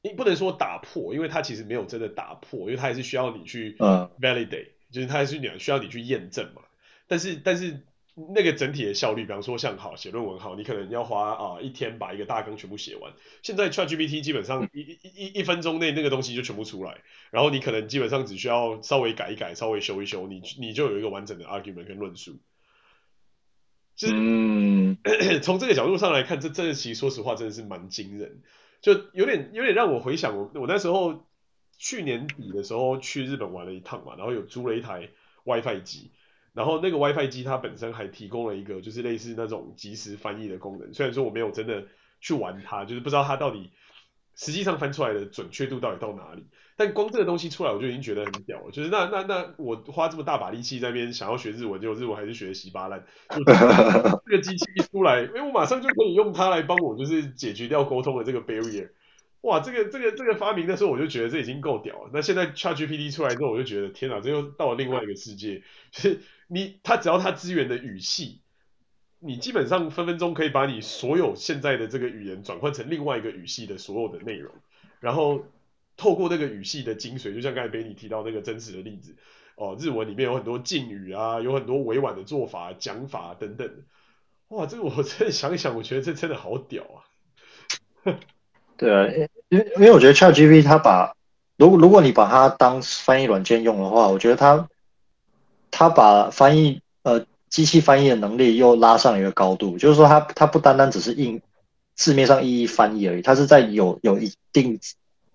Speaker 2: 你不能說打破，因為它其實沒有真的打破，因為它還是需要你去呃 validate。呃就是它還是你需要你去驗證嘛，但是但是那個整體的效率，比方說像好寫論文好，你可能要花啊、呃、一天把一個大綱全部寫完，現在 ChatGPT 基本上一一一一分鐘內那個東西就全部出來，然後你可能基本上只需要稍微改一改，稍微修一修，你你就有一個完整的 argument 跟論述。就是從、嗯、 這個角度上來看，這這其實說實話真的是蠻驚人，就有點有點讓我回想我我那時候。去年底的時候去日本玩了一趟嘛，然後有租了一台 WiFi 機，然後那個 WiFi 機它本身還提供了一個就是類似那種即時翻譯的功能，雖然說我沒有真的去玩它，就是不知道它到底實際上翻出來的準確度到底到哪裡，但光這個東西出來我就已經覺得很屌了，就是那那那我花這麼大把力氣在那邊想要學日文，結果日文還是學的稀巴爛，就這個機器一出來，因為，哎，我馬上就可以用它來幫我就是解決掉溝通的這個 barrier。哇，這個這個這個發明的時候，我就覺得這已經夠屌了。那現在 ChatGPT 出來之後，我就覺得天哪，這又到了另外一個世界。就是你，他只要他支援的語系，你基本上分分鐘可以把你所有現在的這個語言轉換成另外一個語系的所有的內容。然後透過那個語系的精髓，就像剛才被你提到那個真實的例子，哦，日文裡面有很多敬語啊，有很多委婉的做法、講法等等。哇，這個我再想一想，我覺得這真的好屌啊。
Speaker 3: 對啊，因因為我覺得 ChatGPT 它把，如果如果你把它當翻譯軟件用的話，我覺得它它把翻譯呃機器翻譯的能力又拉上一個高度，就是說它它不單單只是硬字面上一一翻譯而已，它是在有有一定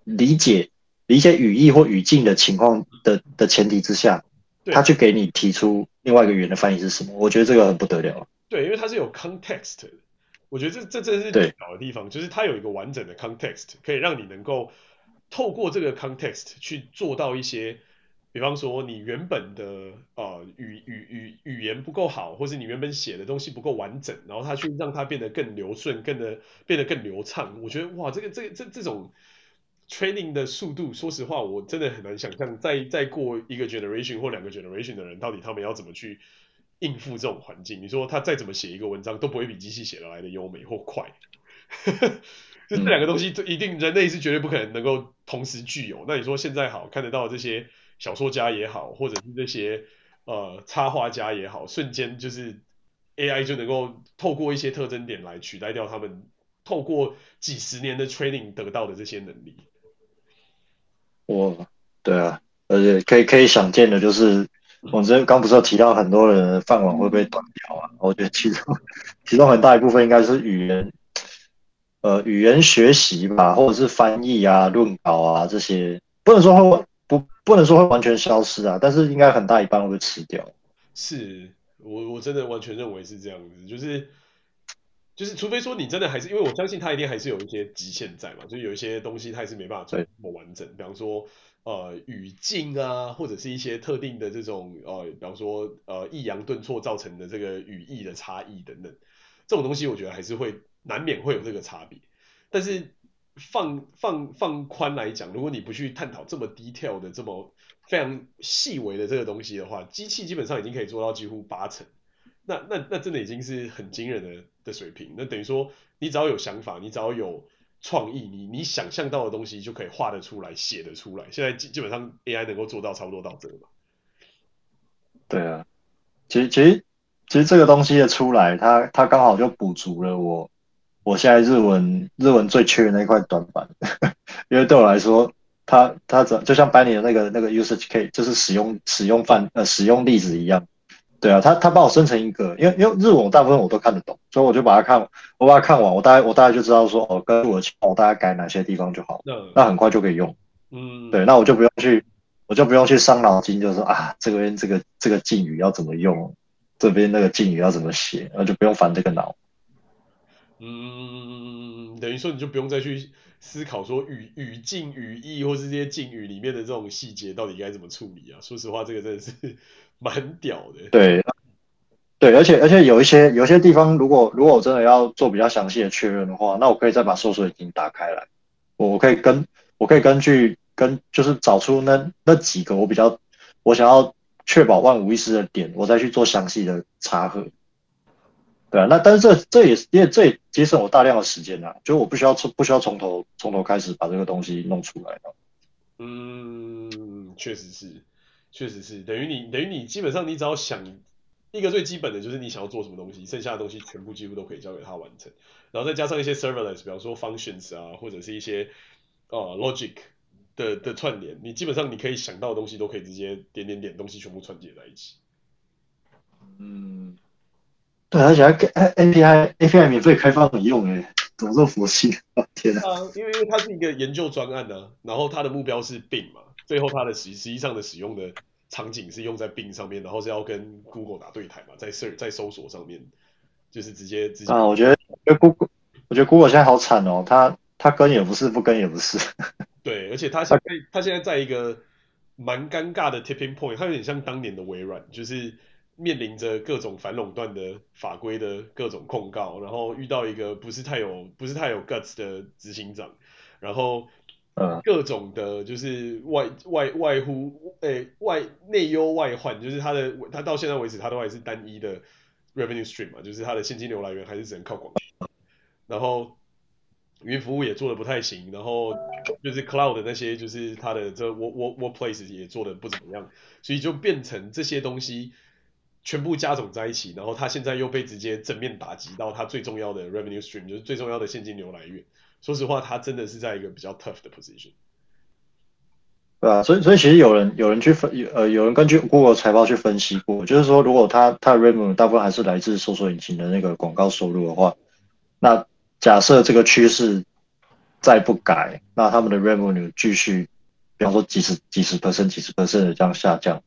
Speaker 3: 理解理解語義或語境的情況的的前提之下，他去給你提出另外一個語言的翻譯是什麼，我覺得這個很不得了。
Speaker 2: 對，因為它是有 context 的。我覺得這這這是最好的地方，就是它有一個完整的 context，可以讓你能夠透過這個 context 去做到一些，比方說你原本的呃語語語語言不夠好，或是你原本寫的東西不夠完整，然後它去讓它變得更流順，更的變得更流暢。我覺得哇，這個這這這種 training 的速度，說實話，我真的很難想象，再再過一個 generation 或兩個 generation 的人，到底他們要怎麼去。應付這種環境，你說他再怎麼寫一個文章都不會比機器寫的來的優美或快， 就這兩個東西，嗯、一定人類是絕對不可能能夠同時具有。那你說現在好看得到這些小說家也好，或者是這些、呃、插畫家也好，瞬間就是 AI 就能夠透過一些特徵點來取代掉他們透過幾十年的 training 得到的這些能力。
Speaker 3: 哇，對啊，而且可以可以想見的就是。我覺得剛不是有提到很多人的飯碗會不會斷掉啊？我覺得其中其中很大一部分應該是語言，呃，語言學習吧，或者是翻譯啊、論稿啊這些，不能說會不不能說會完全消失啊，但是應該很大一半會被吃掉。
Speaker 2: 是，我我真的完全認為是這樣子，就是就是，除非說你真的還是，因為我相信它一定還是有一些極限在嘛，就有一些東西它還是沒辦法做那麼完整，比方說。呃，語境啊，或者是一些特定的這種呃，比方說呃，抑揚頓挫造成的這個語義的差異等等，這種東西我覺得還是會難免會有這個差別。但是放放放寬來講，如果你不去探討這麼 detail 的，這麼非常細微的這個東西的話，機器基本上已經可以做到幾乎八成。那那那真的已經是很驚人的的水平。那等於說，你只要有想法，你只要有，創意，你你想象到的東西就可以畫得出來、寫的出來。現在基基本上 AI 能夠做到差不多到這個吧？
Speaker 3: 對啊，其實其實其實這個東西的出來，它它剛好就補足了我我現在日文日文最缺的那一塊短板。 因為對我來說，它它就像班裡的那個那個 usage case，就是使用使用範呃使用例子一樣。對啊，他他幫我生成一個，因為因為日文我大部分我都看得懂，所以我就把它看，我把它看完，我大概我大概就知道說，哦，跟我我大概改哪些地方就好，那那很快就可以用。嗯，對，那我就不用去，我就不用去傷腦筋，就是啊，這邊這個這個敬語要怎麼用，這邊那個敬語要怎麼寫，那就不用煩這個腦。嗯，
Speaker 2: 等於說你就不用再去思考說語語境、語義，或是這些敬語裡面的這種細節到底該怎麼處理啊？說實話，這個真的是。蠻屌的，
Speaker 3: 對，對，而且而且有一些有一些地方，如果如果我真的要做比較詳細的確認的話，那我可以再把搜索引擎打開來，我可以跟我可以根據根，就是找出那那幾個我比較我想要確保萬無一失的點，我再去做詳細的查核。對啊，那但是這這也是因為這也節省我大量的時間啊，就我不需要從不需要從頭從頭開始把這個東西弄出來。嗯，
Speaker 2: 確實是。確實是，等於你，等於你基本上你只要想一個最基本的就是你想要做什麼東西，剩下的東西全部幾乎都可以交給他完成，然後再加上一些 serverless，比方說 functions 啊，或者是一些啊、uh, logic 的的串聯，你基本上你可以想到的東西都可以直接點點點東西全部串接在一起。嗯，對，而且
Speaker 3: 還哎 API API 免費開放很用哎，怎麼這麼佛系？天
Speaker 2: 啊，因為因為它是一個研究專案呢、啊，然後它的目標是 Bing 嘛。最後，它的實際實際上的使用的場景是用在 Bing 上面，然後是要跟 Google 打對台嘛，在搜在搜索上面，就是直接直接。啊，我覺
Speaker 3: 得，我覺得 Google, 我覺得 Google 現在好慘哦，他他跟也不是，不跟也不是。
Speaker 2: 對，而且他現在他他現在在一個蠻尷尬的 tipping point，他有點像當年的微軟，就是面臨着各種反壟斷的法規的各種控告，然後遇到一個不是太有不是太有 guts 的執行長，然後。各種的，就是外外外乎，誒、欸、外內憂外患，就是它的他到現在為止，它都還是單一的 revenue stream 嘛，就是它的現金流來源還是只能靠廣告。然後雲服務也做的不太行，然後就是 cloud 的那些就是它的這，這我我我 place 也做的不怎麼樣，所以就變成這些東西全部加總在一起，然後它現在又被直接正面打擊到它最重要的 revenue stream，就是最重要的現金流來源。說實話，他真的是在一個比較 tough 的 position，
Speaker 3: 對啊，所以所以其實有人有人去分，呃，有人根據 Google 財報去分析過，就是說，如果他他 revenue 大部分還是來自搜索引擎的那個廣告收入的話，那假設這個趨勢再不改，那他們的 revenue 繼續，比方說幾十幾十 percent 幾十 percent 的這樣下降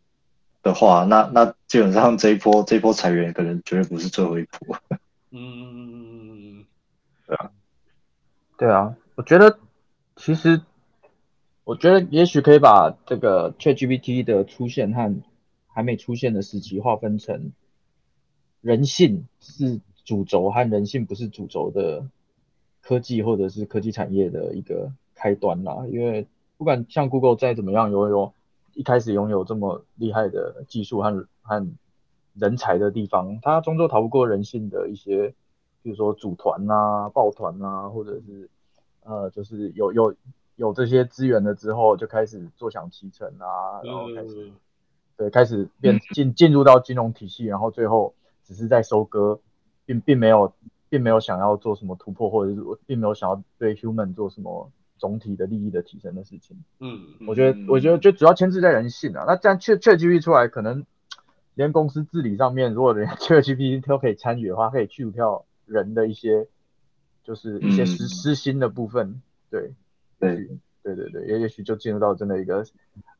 Speaker 3: 的話，那那基本上這一波這一波裁員可能絕對不是最後一波，嗯，對啊。對啊，我覺得
Speaker 1: 其實我覺得也許可以把這個 ChatGPT 的出現和還沒出現的時期劃分成人性是主軸和人性不是主軸的科技或者是科技產業的一個開端啦。因為不管像 Google 再怎麼樣擁有一開始擁有這麼厲害的技術和和人才的地方，它終究逃不過人性的一些。比如說組團啊，抱團啊，或者是呃，就是有有有這些資源了之後，就開始坐享其成啊，然後開
Speaker 3: 始、
Speaker 1: 嗯、對開始變進進入到金融體系，然後最後只是在收割，並並沒有並沒有想要做什麼突破，或者是並沒有想要對 human 做什麼總體的利益的提升的事情。嗯，我覺得、嗯、我覺得就主要牽制在人性了。那這樣 Chat、ChatGPT 出來，可能連公司治理上面，如果連 ChatGPT 都可以參與的話，可以去掉，人的一些，就是一些私私心的部分，對、嗯，對，對對對，也也許就進入到真的一個，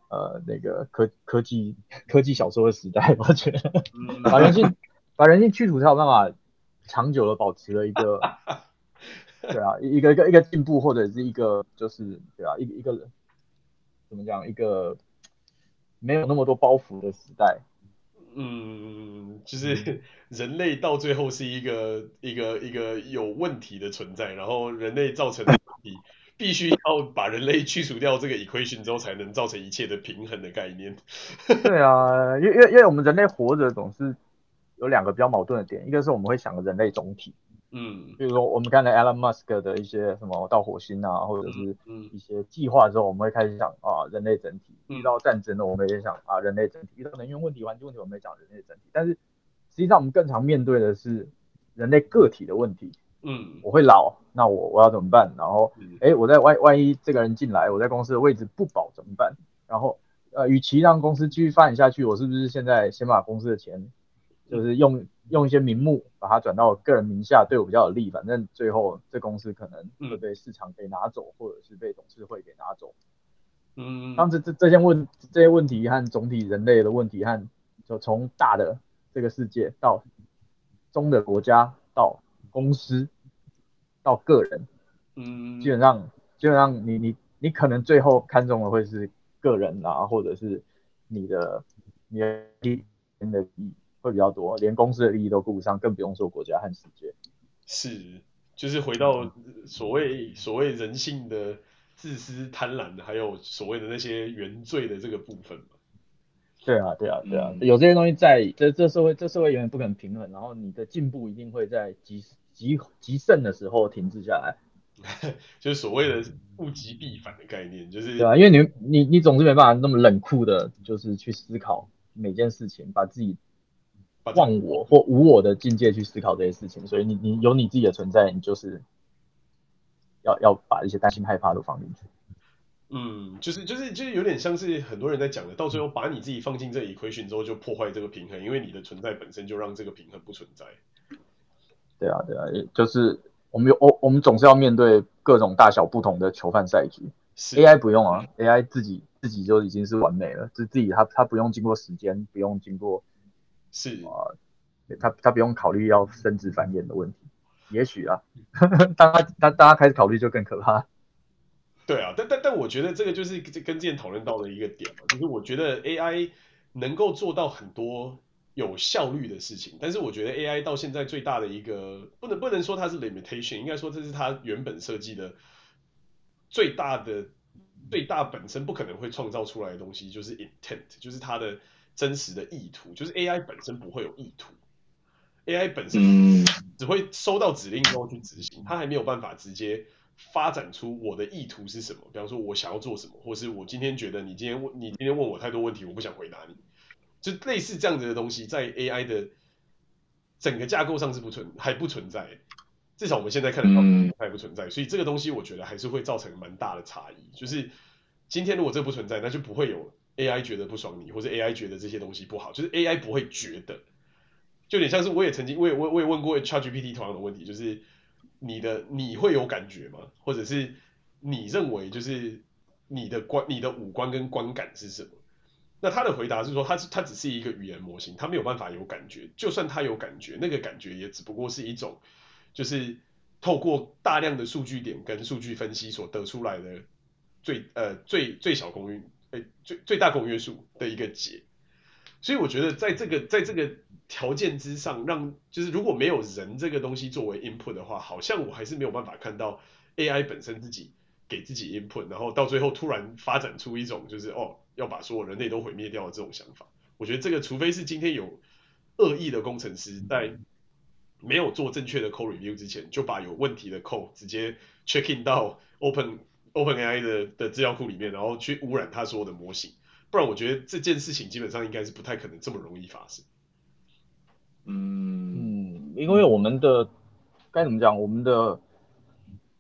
Speaker 1: 呃，那個科科技科技小說的時代，我覺得、嗯、
Speaker 3: 把人性
Speaker 1: 把人性去除才有辦法長久的保持了一個， 對啊，一個一個一個進步或者是一個就是對啊一一個，一個怎麼講一個沒有那麼多包袱的時代。
Speaker 2: 嗯，就是人類到最後是一個一個一個有問題的存在，然後人類造成的問題， 必須要把人類去除掉這個 equation 之後，才能造成一切的平衡的概念。
Speaker 1: 對啊，因為因為我們人類活着總是有兩個比較矛盾的點，一個是我們會想人類總體。嗯，比如說我們看到 Elon Musk 的一些什麼到火星啊，或者是一些計劃之後，我們會開始想啊，人類整體遇、嗯嗯、到戰爭，我們也想啊，人類整體遇、嗯、到能源問題、環境問題，我們也講人類整體。但是實際上我們更常面對的是人類個體的問題。嗯，我會老，那我我要怎麼辦？然後誒、嗯欸，我在萬一萬一這個人進來，我在公司的位置不保怎麼辦？然後呃，與其讓公司繼續發展下去，我是不是現在先把公司的錢就是用？嗯嗯用一些名目把它轉到個人名下，對我比較有利。反正最後這公司可能會被市場給拿走，或者是被董事會給拿走。嗯，當時這這些問這些問題和總體人類的問題和，和就從大的這個世界到中的國家到公司到個人，嗯，基本上基本上你你你可能最後看重的會是個人啊，或者是你的你的你的。會比較多，連公司的利益都顧不上，更不用說國家和世界。
Speaker 2: 是，就是回到所謂所謂人性的自私、貪婪的，還有所謂的那些原罪的這個部分嘛。
Speaker 1: 對啊，對啊，對啊，嗯，有這些東西在，這這社會這社會永遠不可能平衡，然後你的進步一定會在極極極盛的時候停滯下來。 就是所謂的物極必反的概念，就是對啊，因為你你你總是沒辦法那麼冷酷的，就是去思考每件事情，把自己。忘我或無我的境界去思考這些事情，所以你你有你自己的存在，你就是要要把一些擔心、害怕都放進去。嗯，
Speaker 2: 就是就是就是有點像是很多人在講的，到最後把你自己放進這 equation 之後，就破壞這個平衡，因為你的存在本身就讓這個平衡不存在。
Speaker 1: 對啊，對啊，就是我們有我我們總是要面對各種大小不同的囚犯賽局。是。AI 不用啊，AI 自己自己就已經是完美了，就是自己他他不用經過時間，不用經過。是他他、欸、不用考慮要生殖繁衍的問題，也許啊，當他當大家開始考慮就更可怕。對
Speaker 2: 啊，但但但我覺得這個就是跟之前討論到的一個點嘛，就是我覺得 AI 能夠做到很多有效率的事情，但是我覺得 AI 到現在最大的一個不能不能說它是 limitation，應該說這是它原本設計的最大的最大本身不可能會創造出來的東西，就是 intent，就是它的。真實的意圖就是 AI 本身不會有意圖，AI 本身只會收到指令之後去執行，它還沒有辦法直接發展出我的意圖是什麼。比方說，我想要做什麼，或是我今天覺得你今天問你今天問我太多問題，我不想回答你，就類似這樣子的東西，在 AI 的整個架構上是不存還不存在。至少我們現在看得到，它還不存在。所以這個東西我覺得還是會造成蠻大的差異。就是今天如果這不存在，那就不會有。AI 覺得不爽你，或者 AI 覺得這些東西不好，就是 AI 不會覺得，就有點像是我也曾經，我也我也問過 ChatGPT 同樣的問題，就是你的你會有感覺嗎？或者是你認為就是你的觀你的五官跟觀感是什麼？那他的回答是說，他他只是一個語言模型，他沒有辦法有感覺，就算他有感覺，那個感覺也只不過是一種，就是透過大量的數據點跟數據分析所得出來的最呃最最小公因。哎，最最大公約數的一個解，所以我覺得在這個在這個條件之上，讓就是如果沒有人這個東西作為 input 的話，好像我還是沒有辦法看到 AI 本身自己給自己 input，然後到最後突然發展出一種就是哦要把所有人類都毀滅掉的這種想法。我覺得這個除非是今天有惡意的工程師在沒有做正確的 code review 之前，就把有問題的 code 直接 check in 到 open。OpenAI 的的資料庫裡面，然後去污染他所有的模型，不然我覺得這件事情基本上應該是不太可能這麼容易發
Speaker 1: 生。嗯，因為我們的該怎麼講，我們的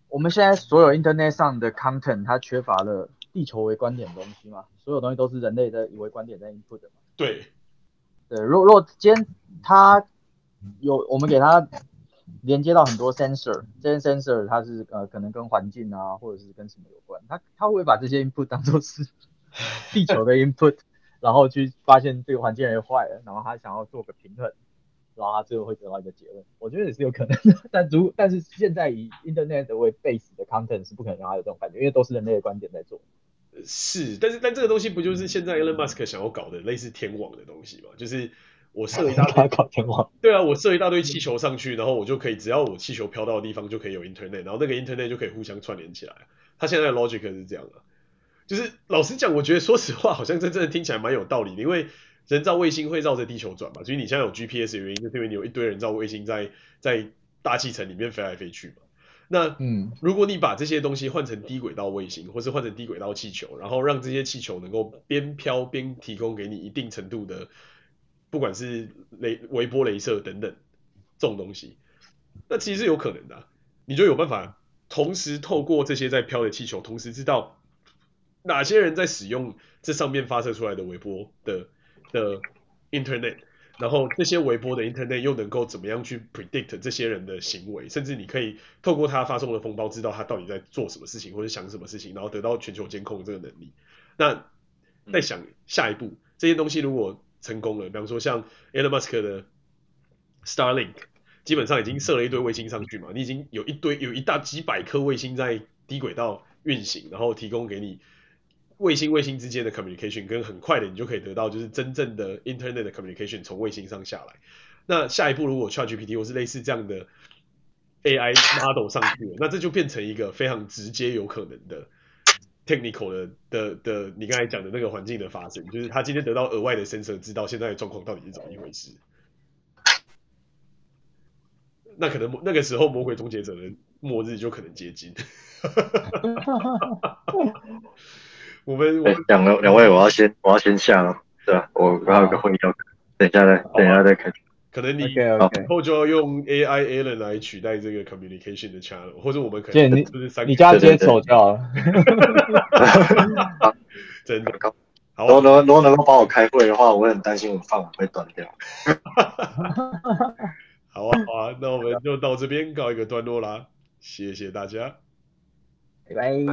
Speaker 1: 我們現在所有 Internet 上的 content，它缺乏了地球為觀點的東西嘛，所有東西都是人類的一為觀點在 input 的嘛。對。對，若若今天它有我們給它。連接到很多 sensor，嗯、這些 sensor 它是呃可能跟環境啊，或者是跟什麼有關，它它會把這些 input 當作是地球的 input， 然後去發現這個環境也壞了，然後它想要做個平衡，然後它最後會得到一個結論。我覺得也是有可能的，但如但是現在以 internet 為 base 的 content 是不可能讓它有這種感覺，因為都是人類的觀點在做。
Speaker 2: 是，但是但這個東西不就是現在 Elon Musk 想要搞的類似天網的東西嘛，就是。我射一大堆，對啊，我射一大堆氣球上去，然後我就可以，只要我氣球飄到的地方就可以有 internet，然後那個 internet 就可以互相串聯起來。他現在的 logic 是這樣的，就是老實講，我覺得說實話，好像真正聽起來蠻有道理的，因為人造衛星會繞着地球轉嘛，所以你現在有 GPS 的原因，就是因為你有一堆人造衛星在在大氣層裡面飛來飛去嘛。那嗯，如果你把這些東西換成低軌道衛星，或是換成低軌道氣球，然後讓這些氣球能夠邊飄邊提供給你一定程度的。不管是雷、微波、鐳射等等這種東西，那其實是有可能的啊。你就有辦法同時透過這些在飄的氣球，同時知道哪些人在使用這上面發射出來的微波的的 internet，然後這些微波的 internet 又能夠怎麼樣去 predict 這些人的行為，甚至你可以透過他發送的風暴知道他到底在做什麼事情或者想什麼事情，然後得到全球監控這個能力。那再想下一步這些東西如果。成功了，比方說像 Elon Musk 的 Starlink，基本上已經射了一堆衛星上去嘛，你已經有一堆有一大幾百顆衛星在低軌道運行，然後提供給你衛星衛星之間的 communication，跟很快的你就可以得到就是真正的 Internet 的 communication 從衛星上下來。那下一步如果 ChatGPT 或是類似這樣的 AI model 上去了，那這就變成一個非常直接有可能的。technical 的的的，你剛才講的那個環境的發生，就是他今天得到額外的 sensor 知道現在的狀況到底是怎麼一回事，那可能那個時候魔鬼終結者的末日就可能接近。哈
Speaker 3: 哈哈！哈哈哈！兩位，兩位，我要先 我要先下了，是吧？我我還有個會議要等一下，再等一下再開。可能你 okay, okay.
Speaker 2: 以後就要用 AI Alan 來取代這個 communication 的 channel，或者我們可能不是三你,你家直接走掉
Speaker 3: 了。 真的，好。好,如果 如果能如果能夠幫我開會的話，我很擔心我飯碗會斷掉。
Speaker 2: 好啊好啊，那我們就到
Speaker 1: 這邊告一個段落啦，謝謝大家，拜拜。